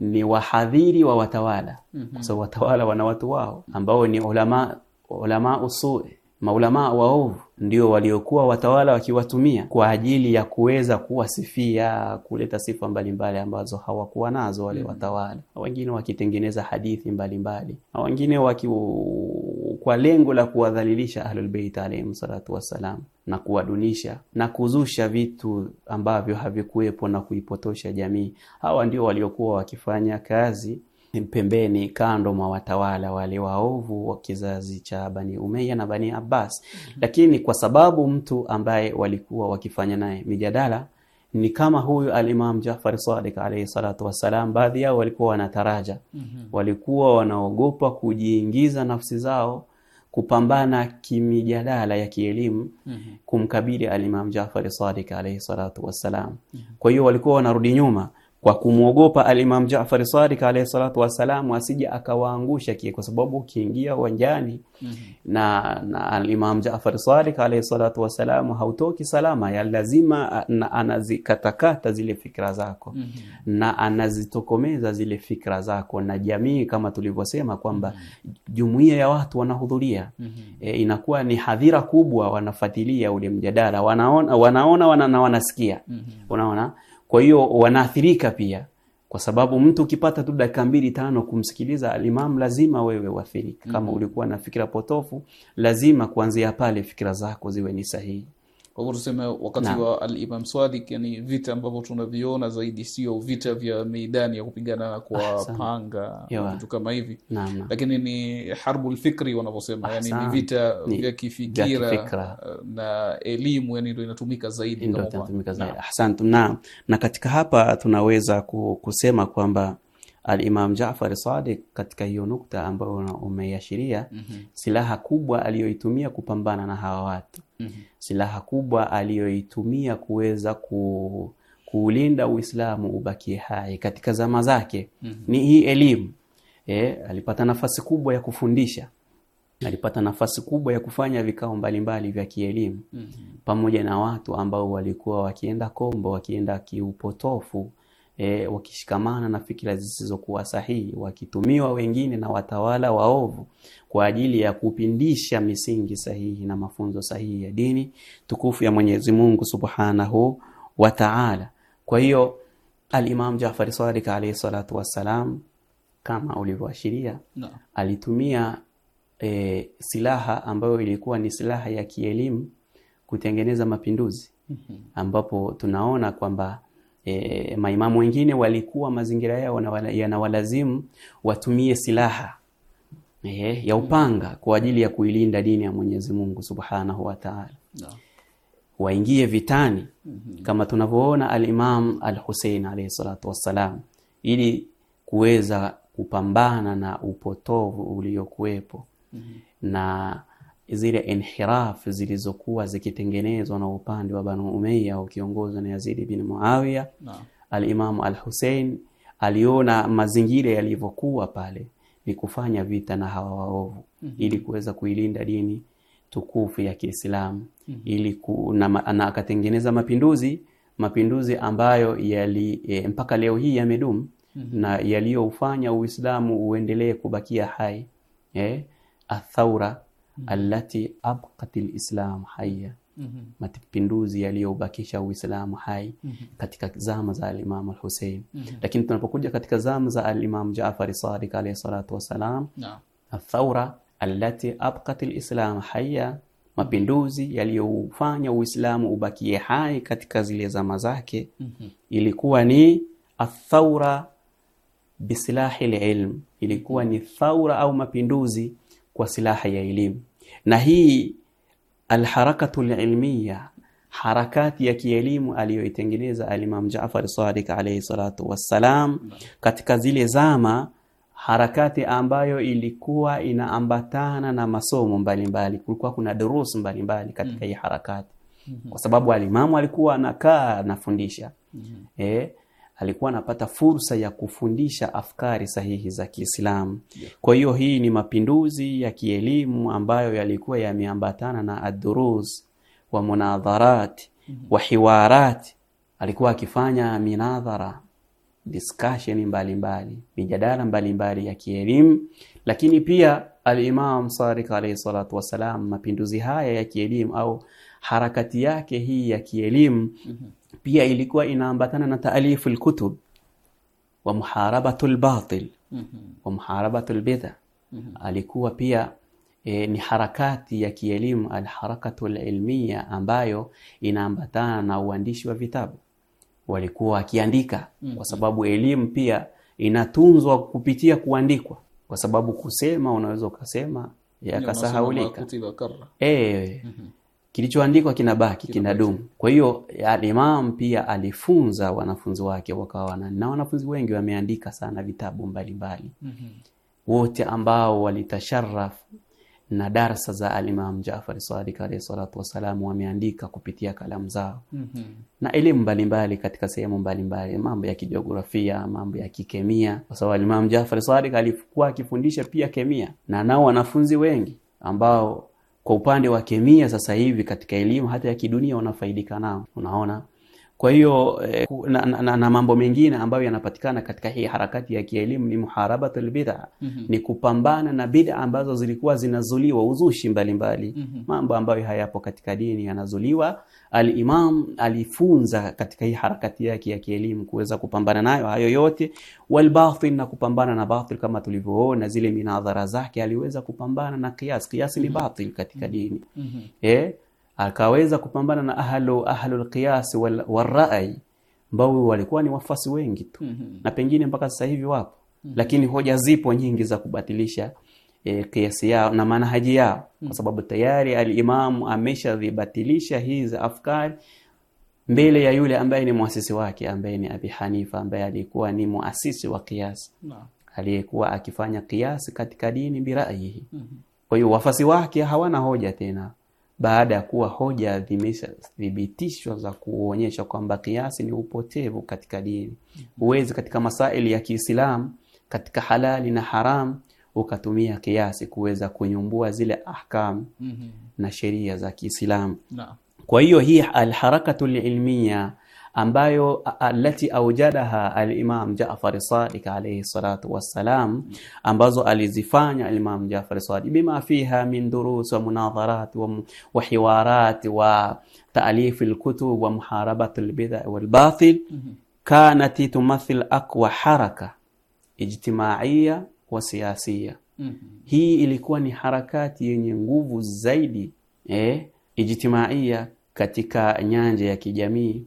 A: ni wahadhiri wa watawala mm -hmm. kwa sababu watawala wana watu wao ambao ni ulama ulama usui maulamaa waovu ndio waliokuwa watawala wakiwatumia kwa ajili ya kuweza kuwasifia, kuleta sifa mbalimbali ambazo hawakuwa nazo wale mm. watawala, wengine wakitengeneza hadithi mbalimbali, wengine waki kwa lengo la kuwadhalilisha Ahlulbeit alaihim salatu wassalam na kuwadunisha na kuzusha vitu ambavyo havikuwepo na kuipotosha jamii. Hawa ndio waliokuwa wakifanya kazi pembeni kando mwa watawala wale waovu wa kizazi cha Bani umeya na Bani Abbas. Mhm. Lakini kwa sababu mtu ambaye walikuwa wakifanya naye mijadala ni kama huyu alimam jafari Jafar Sadiq alayhi salatu wassalam, baadhi yao walikuwa wanataraja, mhm. walikuwa wanaogopa kujiingiza nafsi zao kupambana kimijadala ya kielimu mhm. kumkabili alimam jafari Jafar alaihi alayhi salatu wassalam. Kwa hiyo walikuwa wanarudi nyuma kwa kumwogopa alimamu Jaafar Sadiq alayhi salatu wasalam asije akawaangusha kie, kwa sababu ukiingia uwanjani mm -hmm. na, na alimamu Jaafar Sadiq alayhi salatu wasalam hautoki salama ya lazima, na anazikatakata zile fikra zako mm -hmm. na anazitokomeza zile fikra zako na jamii, kama tulivyosema kwamba mhm. jumuiya ya watu wanahudhuria mm -hmm. e, inakuwa ni hadhira kubwa, wanafuatilia ule mjadala, wanaona wanaona wana, na wanasikia mm -hmm. unaona kwa hiyo wanaathirika pia, kwa sababu mtu ukipata tu dakika mbili tano kumsikiliza alimamu, lazima wewe wathirika Kama mm-hmm. ulikuwa na fikira potofu, lazima kuanzia pale fikira zako ziwe ni sahihi hivyo tuseme wakati wa alimam swadik yani vita ambavyo tunaviona zaidi sio vita vya meidani
F: ya kupigana kwa ah, panga vitu kama hivi, lakini ni harbu lfikri wanavyosema, ah, yani ni vita vya kifikira na elimu, yani ndo inatumika zaidi.
A: na, na katika hapa tunaweza kusema kwamba alimam jafar Jaafar Sadiq katika hiyo nukta ambayo umeiashiria, mm -hmm. silaha kubwa aliyoitumia kupambana na hawa watu mm -hmm. silaha kubwa aliyoitumia kuweza ku, kuulinda Uislamu ubakie hai katika zama zake mm -hmm. ni hii elimu e, alipata nafasi kubwa ya kufundisha, alipata nafasi kubwa ya kufanya vikao mbalimbali vya kielimu mm -hmm. pamoja na watu ambao walikuwa wakienda kombo, wakienda kiupotofu e, wakishikamana na fikira zisizokuwa sahihi, wakitumiwa wengine na watawala waovu kwa ajili ya kupindisha misingi sahihi na mafunzo sahihi ya dini tukufu ya Mwenyezi Mungu Subhanahu wa Ta'ala. Kwa hiyo Al-Imam Jaafar Sadiq alayhi salatu wassalam kama ulivyoashiria no. alitumia e, silaha ambayo ilikuwa ni silaha ya kielimu kutengeneza mapinduzi, mhm. ambapo tunaona kwamba e, maimamu wengine walikuwa mazingira yao yanawalazimu watumie silaha e, ya upanga kwa ajili ya kuilinda dini ya Mwenyezi Mungu Subhanahu wa Ta'ala. No. Waingie vitani mm -hmm. kama tunavyoona al-Imam al-Hussein alayhi salatu wassalam ili kuweza kupambana na upotovu uliokuwepo mm -hmm. na zile inhirafu zilizokuwa zikitengenezwa na upande wa Banu Umayya ukiongozwa na Yazid bin Muawiya no. Al-Imam Al-Hussein aliona mazingira yalivyokuwa pale, ni kufanya vita na hawa waovu mm -hmm. ili kuweza kuilinda dini tukufu ya Kiislamu mm -hmm. ili ku, na, na akatengeneza mapinduzi mapinduzi ambayo yali e, mpaka leo hii yamedumu mm -hmm. na yaliyoufanya Uislamu uendelee kubakia hai eh, athaura mm -hmm. allati abqati lislam haya mm -hmm. mapinduzi yaliyoubakisha Uislamu hai mm -hmm. katika zama za Alimamu Alhusein mm -hmm. lakini tunapokuja katika zama za alimam Jafari Sadiq alayhi salatu wassalam no. athaura allati abqati lislam haya mapinduzi yaliyoufanya Uislamu ubakie hai katika zile zama zake mm -hmm. ilikuwa ni athaura bisilahi lilm, ilikuwa ni thaura au mapinduzi kwa silaha ya elimu. Na hii alharakatu lilmiya harakati ya kielimu aliyoitengeneza alimam Jafar Sadiq alayhi salatu wassalam katika zile zama harakati ambayo ilikuwa inaambatana na masomo mbalimbali. Kulikuwa kuna durusi mbalimbali katika hii harakati, mm-hmm. kwa sababu alimamu alikuwa anakaa anafundisha. mm -hmm. Eh, alikuwa anapata fursa ya kufundisha afkari sahihi za Kiislamu. Kwa hiyo hii ni mapinduzi ya kielimu ambayo yalikuwa yameambatana na adurus wa munadharat mm-hmm. wa hiwarat, Alikuwa akifanya minadhara, discussion mbalimbali, mijadala mbalimbali ya kielimu, lakini pia Alimam imam Sadiq alayhi salatu wassalam, mapinduzi haya ya kielimu au harakati yake hii ya kielimu mm-hmm pia ilikuwa inaambatana na taalifu lkutub wa muharabatu lbatil mhm. wa muharabatu lbidha mhm. alikuwa pia e, ni harakati ya kielimu alharakatu lilmiya ambayo inaambatana na uandishi wa vitabu walikuwa wakiandika mhm. kwa sababu elimu pia inatunzwa kupitia kuandikwa kwa sababu kusema unaweza ukasema yakasahaulika e, mm -hmm kilichoandikwa kinabaki kinadumu. Kwa hiyo Alimam pia alifunza wanafunzi wake wakawa na wanafunzi wengi wameandika sana vitabu mbalimbali mm -hmm. wote ambao walitasharaf na darsa za Alimam Jafar Sadiq alayhi salatu wassalam wameandika kupitia kalamu zao mm -hmm. na elimu mbalimbali katika sehemu mbalimbali, mambo ya kijiografia, mambo ya kikemia, kwa sababu Alimam Jafar Sadiq alikuwa akifundisha pia kemia, na nao wanafunzi wengi ambao kwa upande wa kemia sasa hivi katika elimu hata ya kidunia wanafaidika nao. Unaona kwa hiyo eh, na, na, na mambo mengine ambayo yanapatikana katika hii harakati ya kielimu ni muharabatul bidha mm -hmm. ni kupambana na bidha ambazo zilikuwa zinazuliwa uzushi mbalimbali mbali. mm -hmm. mambo ambayo hayapo katika dini yanazuliwa. alimam alifunza katika hii harakati yake ya kielimu kuweza kupambana nayo hayo yote, walbatil na kupambana na batil, kama tulivyoona zile minadhara zake, aliweza kupambana na kiasi kiasi. ni mhm. batil katika mhm. dini mm -hmm. eh akaweza kupambana na ahlu ahlul qiyas wal, wal rai ambao walikuwa ni wafasi wengi tu mm -hmm. na pengine mpaka sasa hivi wapo mm -hmm. lakini hoja zipo nyingi za kubatilisha e, kiasi yao na manhaji yao mm -hmm. kwa mhm. sababu tayari alimamu ameshadhibatilisha hizi afkari mbele ya yule ambaye ni mwasisi wake ambaye ni Abi Hanifa ambaye alikuwa ni muasisi wa kiasi no. aliyekuwa akifanya kiasi katika dini birayihi mm -hmm. kwa hiyo wafasi wake hawana hoja tena baada ya kuwa hoja thibitishwa za kuonyesha kwamba kiasi ni upotevu katika dini. Huwezi katika masaili ya Kiislamu, katika halali na haramu ukatumia kiasi kuweza kunyumbua zile ahkamu mm -hmm. na sheria za Kiislamu. Kwa hiyo hii alharakatu lilmia ambayo alati aujadaha alimam Jaafar Sadiq alayhi salatu wassalam, ambazo alizifanya alimam Jaafar Sadiq bima fiha min durus wa munadharat wa hiwarat wa taalif alkutub wa muharabat al-bid'a kanat tumathil aqwa haraka ijtimaiya wa siyasiya. Hii ilikuwa ni harakati yenye nguvu zaidi eh, ijtimaiya katika nyanja ya kijamii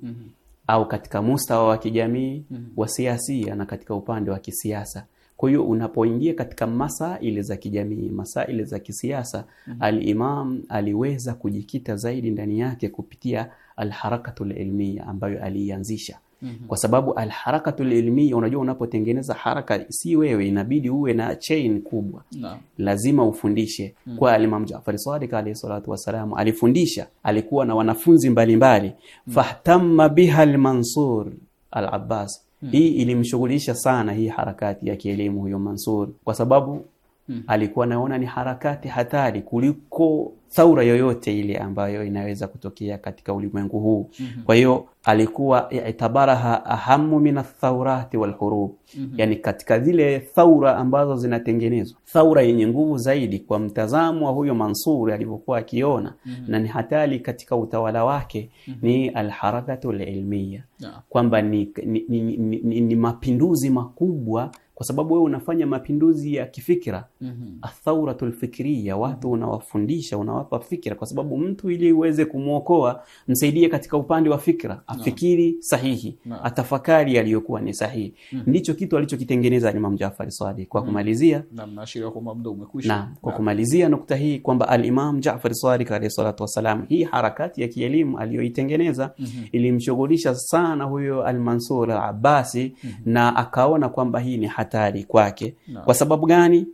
A: au katika mustawa wa kijamii mm wa siasia na katika upande wa kisiasa. Kwa hiyo unapoingia katika masaili za kijamii, masaili za kisiasa mm Alimam aliweza kujikita zaidi ndani yake kupitia alharakatu ilmia ambayo aliianzisha. -hmm. kwa sababu alharakatu ilmia, unajua unapotengeneza haraka si wewe, inabidi uwe na chain kubwa no. lazima ufundishe mm -hmm. kwa Imam Jaafar Sadiq alayhi salatu wasalam alifundisha, alikuwa na wanafunzi mbalimbali mm -hmm. fahtamma biha lmansur al-Abbas mm -hmm. hii ilimshughulisha sana hii harakati ya kielimu huyo Mansur kwa sababu hmm. alikuwa anaona ni harakati hatari kuliko thaura yoyote ile ambayo inaweza kutokea katika ulimwengu huu mm -hmm. Kwa hiyo alikuwa itabaraha ahamu min athaurati walhurub mm -hmm. Yani, katika zile thaura ambazo zinatengenezwa, thaura yenye nguvu zaidi kwa mtazamo wa huyo Mansuri alivyokuwa akiona mm -hmm. na ni hatari katika utawala wake mm -hmm. ni alharakatu lilmiya yeah. kwamba ni, ni, ni, ni, ni mapinduzi makubwa kwa sababu wewe unafanya mapinduzi ya kifikira mm -hmm. athauratul fikria, watu mm-hmm. unawafundisha, unawapa fikira, kwa sababu mtu ili uweze kumwokoa, msaidie katika upande wa fikira afikiri no. sahihi no. atafakari aliyokuwa ni sahihi mm -hmm. ndicho kitu alichokitengeneza Imam Jaafar Sadiq. Kwa mhm. kumalizia
G: na mnashiria kwamba muda umekwisha, na kwa
A: kumalizia nukta hii kwamba al-Imam Jaafar Sadiq alayhi salatu wasalam, hii harakati ya kielimu aliyoitengeneza mm -hmm. ilimshughulisha sana huyo al-Mansur al-Abbasi mm -hmm. na akaona kwamba hii ni hatari kwake no. Kwa sababu gani?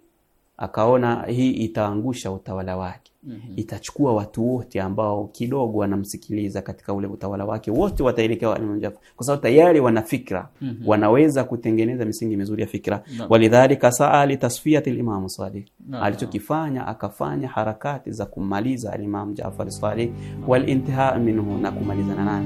A: Akaona hii itaangusha utawala wake mm -hmm. Itachukua watu wote ambao kidogo wanamsikiliza katika ule utawala wake, wote wataelekea wa kwa sababu tayari wana fikra mm -hmm. Wanaweza kutengeneza misingi mizuri ya fikra no. Walidhalika saa litasfiat limamu Salih no. Alichokifanya akafanya harakati za kumaliza alimamu Jafar mm. Salih no. Walintihaa minhu na kumalizana naye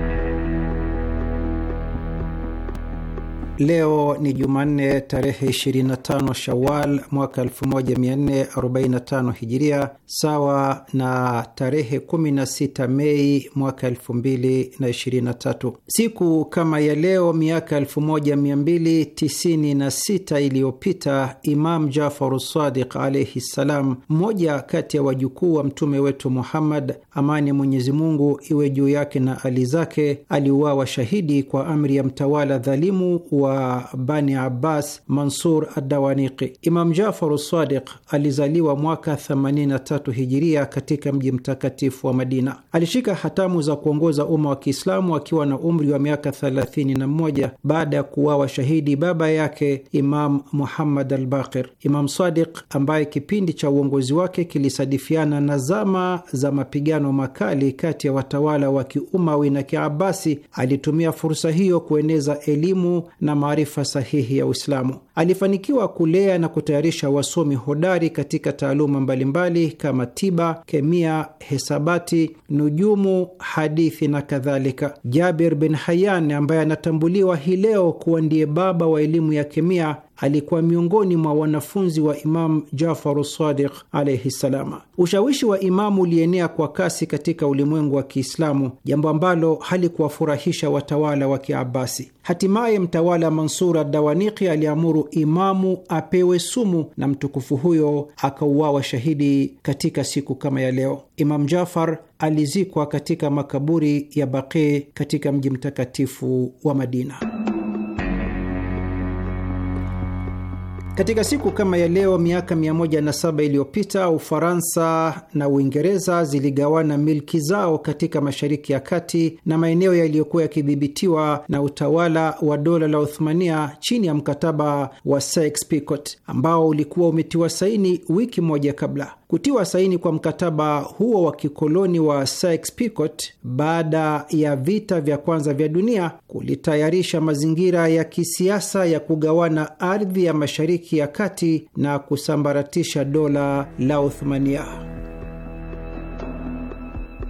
D: Leo ni Jumanne tarehe 25 Shawal mwaka 1445 Hijiria, sawa na tarehe 16 Mei mwaka 2023. Siku kama ya leo miaka 1296 iliyopita, Imam Jafaru Sadiq alaihi ssalam, mmoja kati ya wajukuu wa mtume wetu Muhammad, amani ya Mwenyezi Mungu iwe juu yake na ali zake, aliuawa shahidi kwa amri ya mtawala dhalimu wa wa Bani Abbas, Mansur Adawaniqi. Imam jafar Sadiq alizaliwa mwaka 83 hijiria katika mji mtakatifu wa Madina. Alishika hatamu za kuongoza umma wa Kiislamu akiwa na umri wa miaka 31 baada ya kuwawa shahidi baba yake Imam Muhammad Albaqir. Imam Sadiq ambaye kipindi cha uongozi wake kilisadifiana na zama za mapigano makali kati ya watawala wa Kiumawi na Kiabasi, alitumia fursa hiyo kueneza elimu na maarifa sahihi ya Uislamu. Alifanikiwa kulea na kutayarisha wasomi hodari katika taaluma mbalimbali kama tiba, kemia, hesabati, nujumu, hadithi na kadhalika. Jabir bin Hayyan ambaye anatambuliwa hii leo kuwa ndiye baba wa elimu ya kemia alikuwa miongoni mwa wanafunzi wa Imamu Jafaru Sadiq alaihi ssalama. Ushawishi wa Imamu ulienea kwa kasi katika ulimwengu wa Kiislamu, jambo ambalo halikuwafurahisha watawala wa Kiabasi. Hatimaye mtawala Mansur Adawaniki aliamuru Imamu apewe sumu na mtukufu huyo akauawa shahidi katika siku kama ya leo. Imam Jafar alizikwa katika makaburi ya Baqi katika mji mtakatifu wa Madina. Katika siku kama ya leo miaka 107 iliyopita Ufaransa na Uingereza ziligawana milki zao katika Mashariki ya Kati na maeneo yaliyokuwa yakidhibitiwa na utawala wa dola la Uthmania chini ya mkataba wa Sykes-Picot ambao ulikuwa umetiwa saini wiki moja kabla. Kutiwa saini kwa mkataba huo wa kikoloni wa Sykes-Picot baada ya vita vya kwanza vya dunia kulitayarisha mazingira ya kisiasa ya kugawana ardhi ya Mashariki ya Kati na kusambaratisha dola la Uthmania.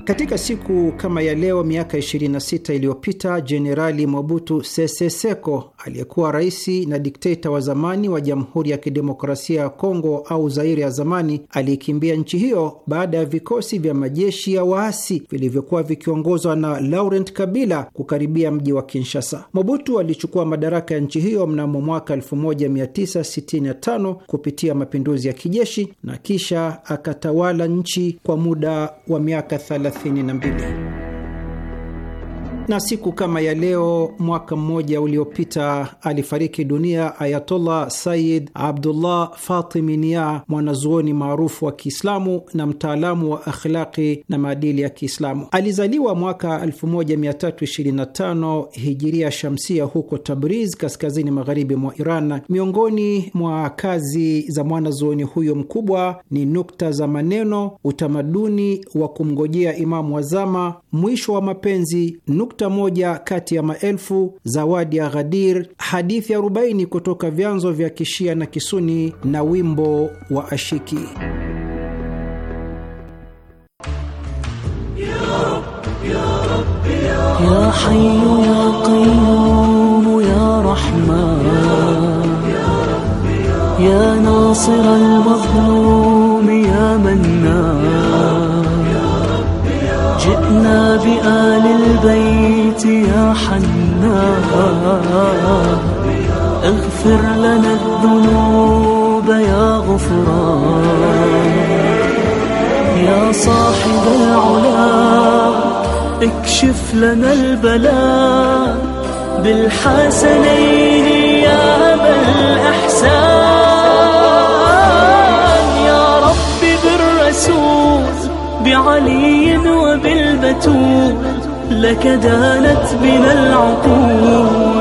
D: Katika siku kama ya leo miaka 26 iliyopita Jenerali Mobutu Sese Seko aliyekuwa rais na dikteta wa zamani wa Jamhuri ya Kidemokrasia ya Kongo au Zaire ya zamani aliyekimbia nchi hiyo baada ya vikosi vya majeshi ya waasi vilivyokuwa vikiongozwa na Laurent Kabila kukaribia mji wa Kinshasa. Mobutu alichukua madaraka ya nchi hiyo mnamo mwaka 1965 kupitia mapinduzi ya kijeshi na kisha akatawala nchi kwa muda wa miaka 30. 32. Na siku kama ya leo mwaka mmoja uliopita alifariki dunia Ayatollah Sayid Abdullah Fatimi Nia, mwanazuoni maarufu wa Kiislamu na mtaalamu wa akhlaqi na maadili ya Kiislamu. Alizaliwa mwaka 1325 hijiria shamsia huko Tabriz, kaskazini magharibi mwa Iran. Miongoni mwa kazi za mwanazuoni huyo mkubwa ni nukta za maneno, utamaduni wa kumgojea imamu wazama, mwisho wa mapenzi, nukta nukta moja kati ya maelfu, zawadi ya Ghadir, hadithi 40 kutoka vyanzo vya Kishia na Kisuni na wimbo wa Ashiki. Ya
E: جئنا بآل البيت يا حنان اغفر لنا الذنوب يا غفران يا صاحب العلا اكشف لنا البلاء بالحسنين يا أبا الأحسان علي وبالبتول لك دانت بنا العقول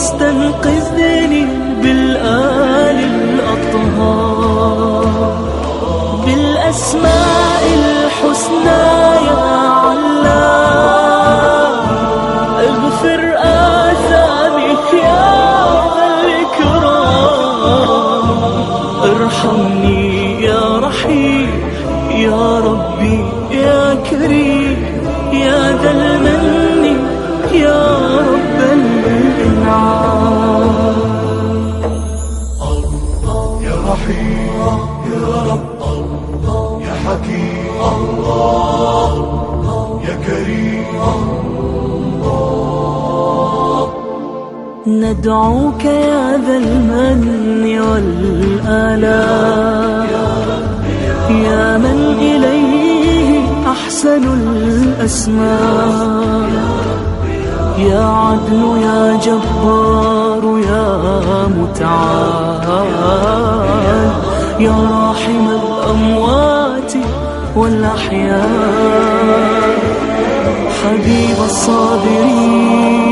E: واستنقذني بالآل الأطهار بالأسماء الحسنى يا علام اغفر آثامي يا ندعوك يا ذا المن والآلاء يا من إليه أحسن الأسماء يا عدل يا جبار يا متعال يا راحم الأموات والأحياء حبيب الصابرين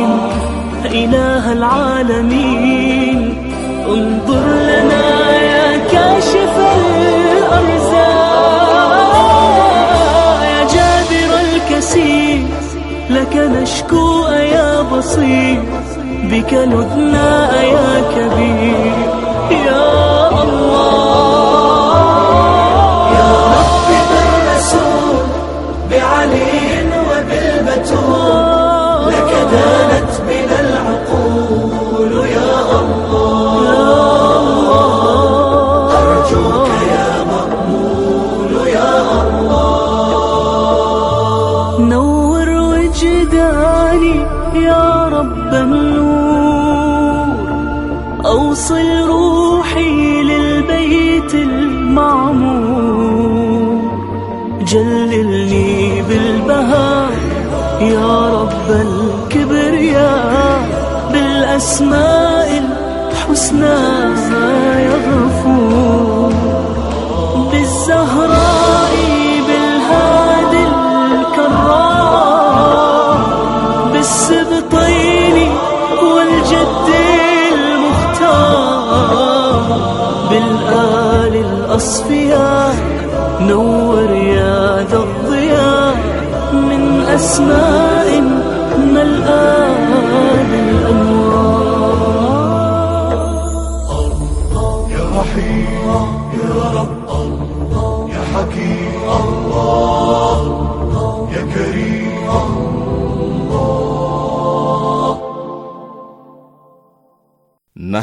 E: إله العالمين انظر لنا يا كاشف الأرزاق يا جابر الكسير لك نشكو يا بصير بك نثنى يا كبير يا الله يا رب بالرسول بعلي وبالبتول لك دانا أسماء الحسنى ما يغفو بالزهراء بالهادي الكرام بالسبطين والجد المختار بالآل الأصفياء نور يا ذا الضياء من أسماء ما